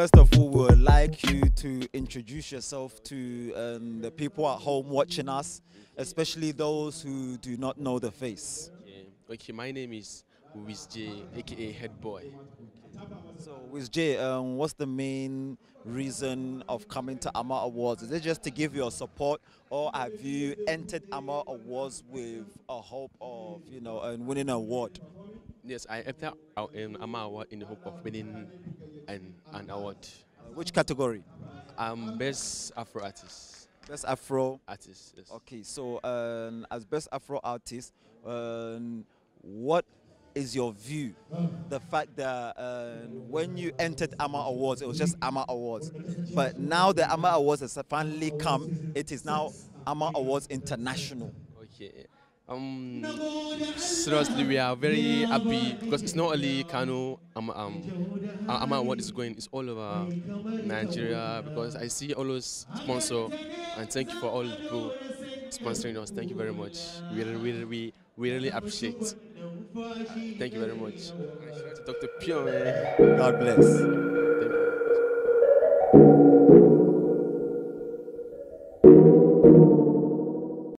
first of all, we would like you to introduce yourself to um, the people at home watching us, especially those who do not know the face. Yeah. Okay, my name is Wiz J, aka Head Boy. So, Wiz J, um, what's the main reason of coming to AMA Awards? Is it just to give your support, or have you entered AMA Awards with a hope of, you know, winning an award? Yes, I entered um, AMA Award in the hope of winning and an award. Uh, which category? I'm um, best Afro artist. Best Afro artist. Yes. Okay, so um, as best Afro artist, um, what is your view? The fact that um, when you entered AMA Awards, it was just AMA Awards, but now the AMA Awards has finally come. It is now AMA Awards International. Okay. Um, seriously, we are very happy because it's not only Kano, um, um, uh, Ama what is going, it's all over Nigeria because I see all those sponsors and thank you for all who sponsoring us. Thank you very much. We, we, we, we really appreciate. Uh, thank you very much. Dr. Pure. God bless. Thank you.